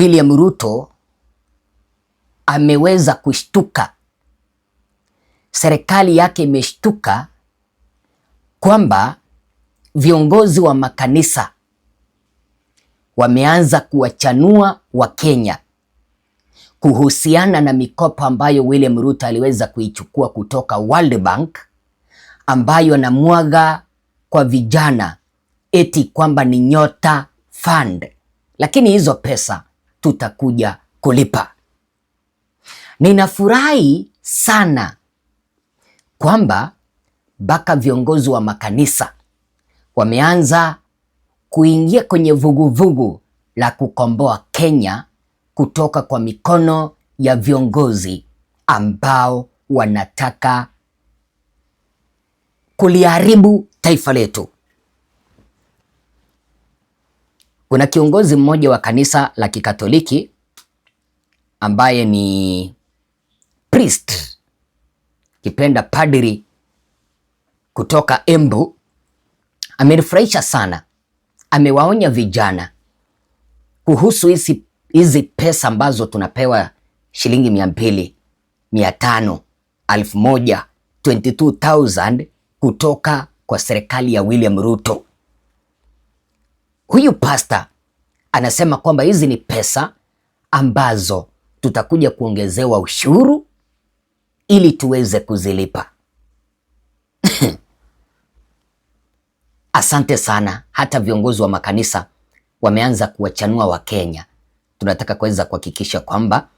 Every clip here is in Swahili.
William Ruto ameweza kushtuka, serikali yake imeshtuka kwamba viongozi wa makanisa wameanza kuwachanua Wakenya kuhusiana na mikopo ambayo William Ruto aliweza kuichukua kutoka World Bank ambayo anamwaga kwa vijana eti kwamba ni Nyota Fund, lakini hizo pesa tutakuja kulipa. Ninafurahi sana kwamba mpaka viongozi wa makanisa wameanza kuingia kwenye vuguvugu la kukomboa Kenya kutoka kwa mikono ya viongozi ambao wanataka kuliharibu taifa letu. Kuna kiongozi mmoja wa kanisa la Kikatoliki ambaye ni priest, kipenda padri kutoka Embu, amenifurahisha sana. Amewaonya vijana kuhusu hizi hizi pesa ambazo tunapewa shilingi mia mbili, mia tano, elfu moja, 22,000 kutoka kwa serikali ya William Ruto. Huyu pasta anasema kwamba hizi ni pesa ambazo tutakuja kuongezewa ushuru ili tuweze kuzilipa. Asante sana. Hata viongozi wa makanisa wameanza kuwachanua Wakenya. Tunataka kuweza kuhakikisha kwamba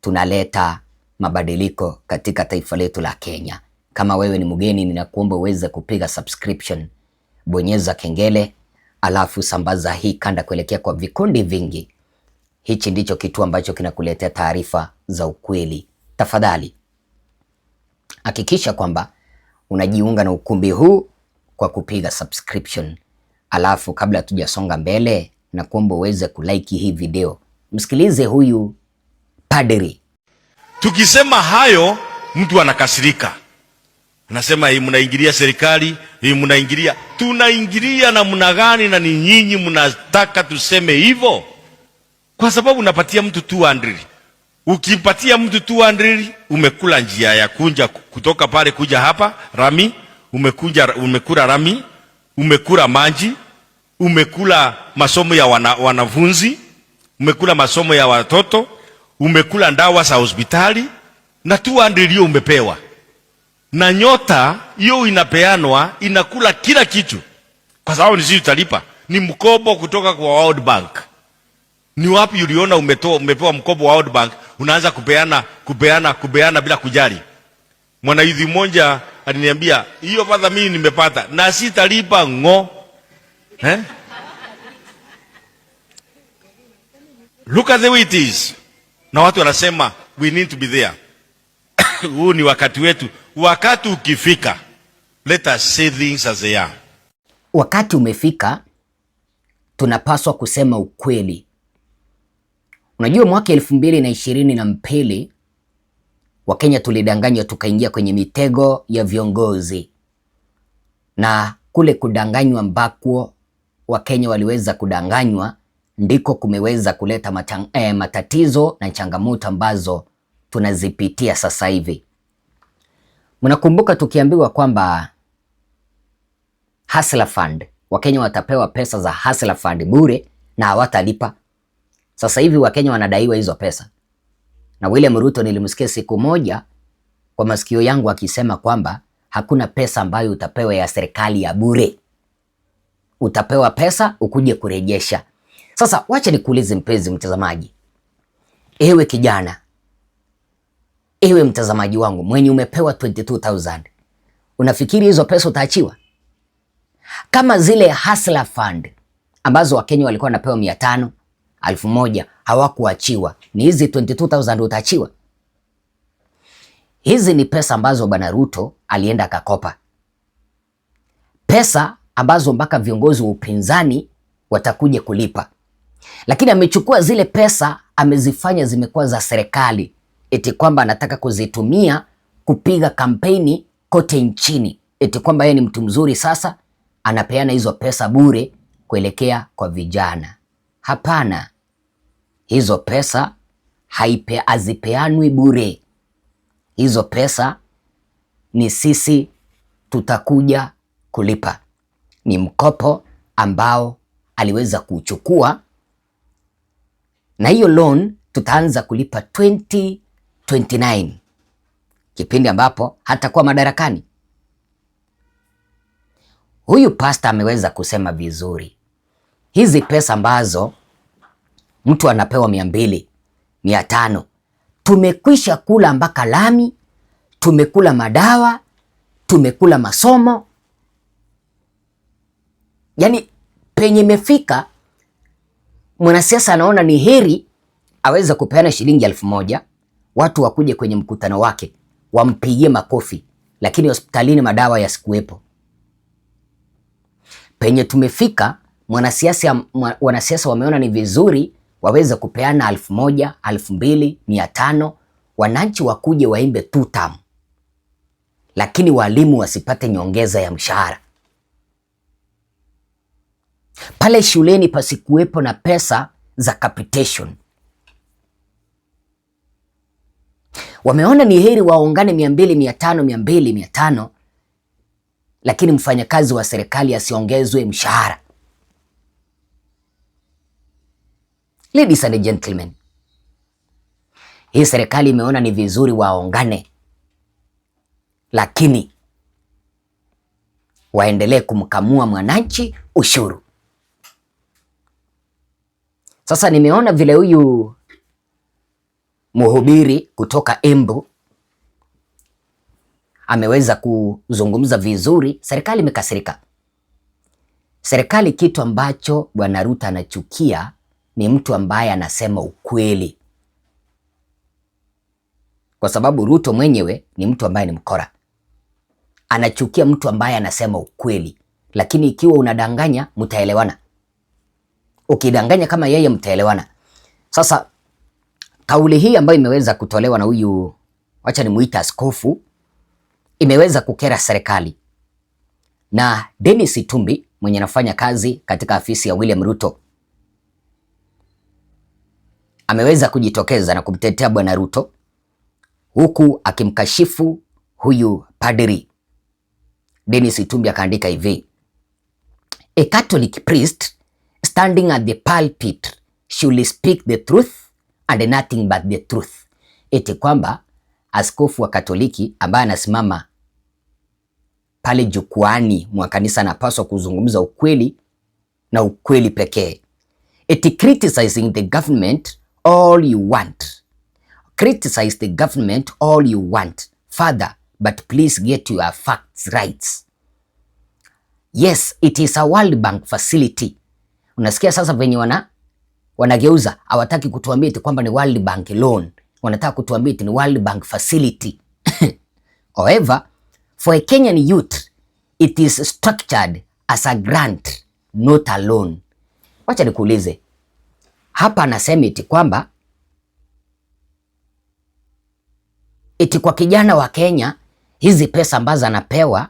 tunaleta mabadiliko katika taifa letu la Kenya. Kama wewe ni mgeni, ninakuomba uweze kupiga subscription, bonyeza kengele alafu sambaza hii kanda kuelekea kwa vikundi vingi. Hichi ndicho kituo ambacho kinakuletea taarifa za ukweli. Tafadhali hakikisha kwamba unajiunga na ukumbi huu kwa kupiga subscription. Alafu kabla tujasonga mbele, na kuomba uweze kulike hii video. Msikilize huyu padri. Tukisema hayo mtu anakasirika. Nasema hii mnaingilia serikali, hii mnaingilia, tunaingilia namna gani? Na ni nyinyi mnataka tuseme hivyo? Kwa sababu unapatia mtu 200 ukimpatia mtu 200 umekula njia ya kunja kutoka pale kuja hapa rami, umekunja, umekula rami, umekula maji, umekula masomo ya wana, wanafunzi, umekula masomo ya watoto, umekula ndawa za hospitali na 200 umepewa na nyota hiyo inapeanwa inakula kila kitu, kwa sababu ni nisii utalipa ni mkopo kutoka kwa World Bank. Ni wapi uliona umetoa umepewa mkopo wa World Bank unaanza kupeana kupeana kupeana bila kujali? Mwanayuthi mmoja aliniambia hiyo fadha mimi nimepata na sitalipa ng'o eh? Look at the way it is. Na watu wanasema we need to be there. huu ni wakati wetu. Wakati ukifika, let us say things as they are. Wakati umefika, tunapaswa kusema ukweli. Unajua, mwaka elfu mbili na ishirini na mbili Wakenya tulidanganywa, tukaingia kwenye mitego ya viongozi na kule kudanganywa ambako Wakenya waliweza kudanganywa ndiko kumeweza kuleta matang, eh, matatizo na changamoto ambazo tunazipitia sasa hivi. Mnakumbuka tukiambiwa kwamba Hustler Fund, Wakenya watapewa pesa za Hustler Fund bure na hawatalipa. Sasa hivi Wakenya wanadaiwa hizo pesa, na William Ruto nilimsikia siku moja kwa masikio yangu akisema kwamba hakuna pesa ambayo utapewa ya serikali ya bure, utapewa pesa ukuje kurejesha. Sasa wacha nikuulize mpenzi mtazamaji, ewe kijana Ewe mtazamaji wangu mwenye umepewa 22000 unafikiri hizo pesa utaachiwa? Kama zile Hustler Fund ambazo Wakenya walikuwa wanapewa mia 1000 hawakuachiwa, ni hizi 22000 utaachiwa? Hizi ni pesa ambazo Bwana Ruto alienda akakopa, pesa ambazo mpaka viongozi wa upinzani watakuja kulipa, lakini amechukua zile pesa amezifanya zimekuwa za serikali eti kwamba anataka kuzitumia kupiga kampeni kote nchini, eti kwamba yeye ni mtu mzuri, sasa anapeana hizo pesa bure kuelekea kwa vijana. Hapana, hizo pesa haipe azipeanwi bure. Hizo pesa ni sisi tutakuja kulipa, ni mkopo ambao aliweza kuchukua, na hiyo loan tutaanza kulipa 29 kipindi ambapo hatakuwa madarakani. Huyu pasta ameweza kusema vizuri, hizi pesa ambazo mtu anapewa mia mbili mia tano tumekwisha kula mpaka lami, tumekula madawa, tumekula masomo, yaani penye imefika mwanasiasa anaona ni heri aweze kupeana shilingi elfu moja watu wakuje kwenye mkutano wake wampigie makofi, lakini hospitalini madawa yasikuwepo. Penye tumefika mwanasiasa, wanasiasa wameona ni vizuri waweze kupeana alfu moja, alfu mbili, mia tano, wananchi wakuje waimbe tutam, lakini walimu wasipate nyongeza ya mshahara. Pale shuleni pasikuwepo na pesa za capitation. Wameona ni heri waungane mia mbili mia tano mia mbili mia tano lakini mfanyakazi wa serikali asiongezwe mshahara. Ladies and gentlemen, hii serikali imeona ni vizuri waongane, lakini waendelee kumkamua mwananchi ushuru. Sasa nimeona vile huyu mhubiri kutoka Embu ameweza kuzungumza vizuri. Serikali imekasirika. Serikali, kitu ambacho Bwana Ruto anachukia ni mtu ambaye anasema ukweli, kwa sababu Ruto mwenyewe ni mtu ambaye ni mkora. Anachukia mtu ambaye anasema ukweli, lakini ikiwa unadanganya mtaelewana. Ukidanganya kama yeye mtaelewana. Sasa Kauli hii ambayo imeweza kutolewa na huyu wacha muita askofu imeweza kukera serikali na Dennis Itumbi mwenye anafanya kazi katika afisi ya William Ruto ameweza kujitokeza na kumtetea bwana Ruto huku akimkashifu huyu padri. Dennis Itumbi akaandika hivi: A Catholic priest standing at the pulpit should speak the truth and nothing but the truth, eti kwamba askofu wa Katoliki ambaye anasimama pale jukwani mwa kanisa anapaswa kuzungumza ukweli na ukweli pekee. Eti criticizing the government all you want, criticize the government all you want father, but please get your facts right. Yes, it is a World Bank facility. Unasikia sasa venye wana wanageuza, hawataki kutuambia eti kwamba ni World Bank loan, wanataka kutuambia eti ni World Bank facility however for a Kenyan youth it is structured as a grant not a loan. Wacha nikuulize hapa, anasema eti kwamba eti kwa kijana wa Kenya hizi pesa ambazo anapewa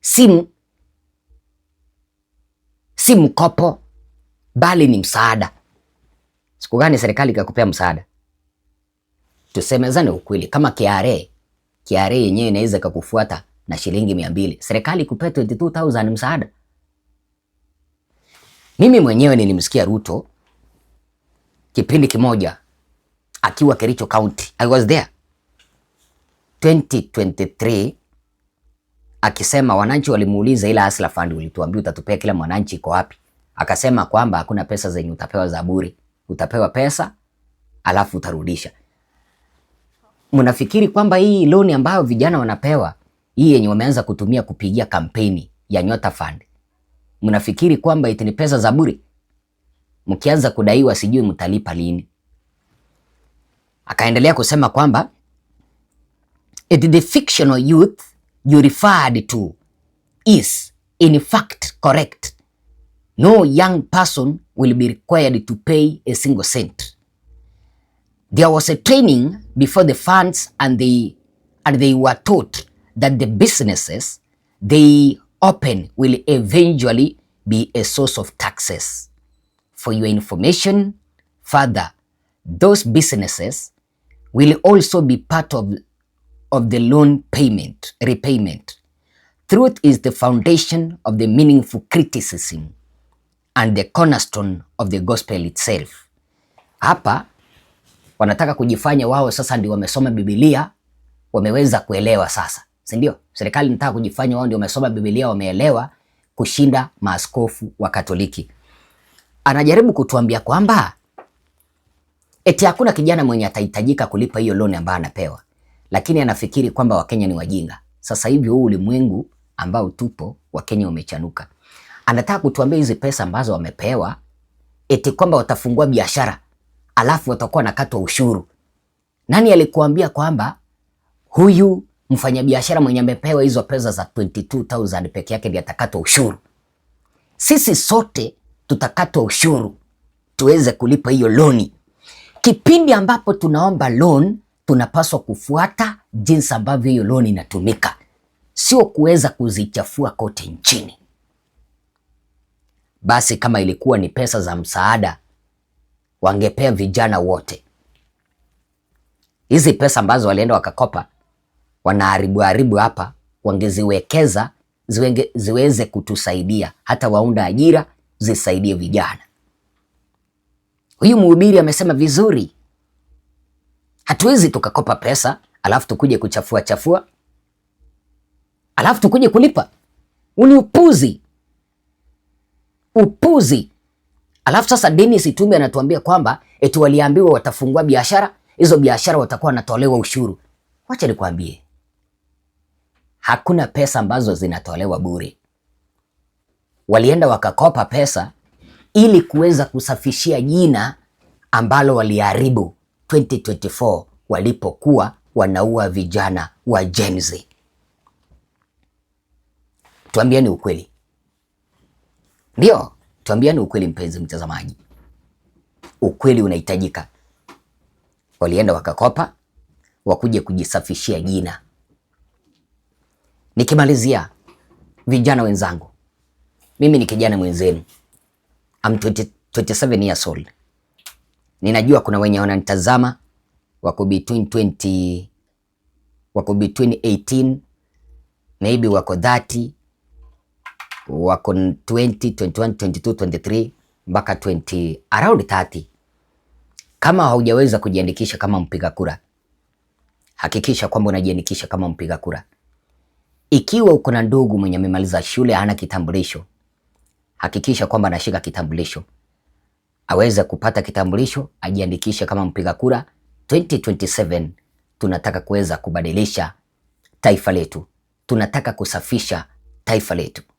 si mkopo bali ni msaada. Siku gani serikali ikakupea msaada? Tusemezane ukweli, kama KRA, KRA yenyewe inaweza kukufuata na shilingi mia mbili, serikali ikupea 22000 msaada. Mimi mwenyewe nilimsikia Ruto kipindi kimoja akiwa Kericho County, I was there 2023 akisema wananchi walimuuliza, ila Asla Fund ulituambia utatupea kila mwananchi iko wapi? akasema kwamba hakuna pesa zenye utapewa za bure, utapewa pesa alafu utarudisha. Mnafikiri kwamba hii loan ambayo vijana wanapewa hii yenye wameanza kutumia kupigia kampeni ya Nyota Fund, mnafikiri kwamba iti ni pesa za bure? Mkianza kudaiwa sijui mtalipa lini. Akaendelea kusema kwamba it the fictional youth you referred to is in fact correct no young person will be required to pay a single cent. There was a training before the funds and they, and they were taught that the businesses they open will eventually be a source of taxes. For your information, further, those businesses will also be part of, of the loan payment, repayment. Truth is the foundation of the meaningful criticism and the cornerstone of the gospel itself. Hapa wanataka kujifanya wao sasa ndio wamesoma Biblia, wameweza kuelewa sasa, si ndio? Serikali inataka kujifanya wao ndio wamesoma Biblia, wameelewa kushinda maaskofu wa Katoliki. Anajaribu kutuambia kwamba eti hakuna kijana mwenye atahitajika kulipa hiyo loan ambayo anapewa, lakini anafikiri kwamba Wakenya ni wajinga. Sasa hivi huu ulimwengu ambao tupo, Wakenya wamechanuka anataka kutuambia hizi pesa ambazo wamepewa eti kwamba watafungua biashara alafu watakuwa nakatwa ushuru. Nani alikuambia kwamba huyu mfanyabiashara mwenye amepewa hizo pesa za 22000 peke yake atakatwa ushuru? Sisi sote tutakatwa ushuru tuweze kulipa hiyo loni. Kipindi ambapo tunaomba loan, tunapaswa kufuata jinsi ambavyo hiyo loan inatumika, sio kuweza kuzichafua kote nchini basi kama ilikuwa ni pesa za msaada wangepea vijana wote. Hizi pesa ambazo walienda wakakopa wanaharibu haribu hapa, wangeziwekeza ziwenge, ziweze kutusaidia hata waunda ajira zisaidie vijana. Huyu mhubiri amesema vizuri, hatuwezi tukakopa pesa alafu tukuje kuchafua chafua alafu tukuje kulipa. Uni upuzi upuzi. Alafu sasa Dennis Itumbi anatuambia kwamba eti waliambiwa watafungua biashara hizo, biashara watakuwa wanatolewa ushuru. Wacha nikwambie, hakuna pesa ambazo zinatolewa bure. Walienda wakakopa pesa ili kuweza kusafishia jina ambalo waliharibu 2024 walipokuwa wanaua vijana wa Gen Z. Tuambieni ukweli, ndio, tuambiani ukweli mpenzi mtazamaji. Ukweli unahitajika. Walienda wakakopa, wakuja kujisafishia jina. Nikimalizia, vijana wenzangu, mimi ni kijana mwenzenu. I'm 20, 27 years old. Ninajua kuna wenye wananitazama wako between 20, wako between 18 maybe wako 30 wako 20, 21, 22, 23 mpaka 20 around 30. Kama haujaweza kujiandikisha kama mpiga kura, hakikisha kwamba unajiandikisha kama mpiga kura. Ikiwa uko na ndugu mwenye amemaliza shule hana kitambulisho, hakikisha kwamba anashika kitambulisho, aweze kupata kitambulisho, ajiandikishe kama mpiga kura. 2027 tunataka kuweza kubadilisha taifa letu, tunataka kusafisha taifa letu.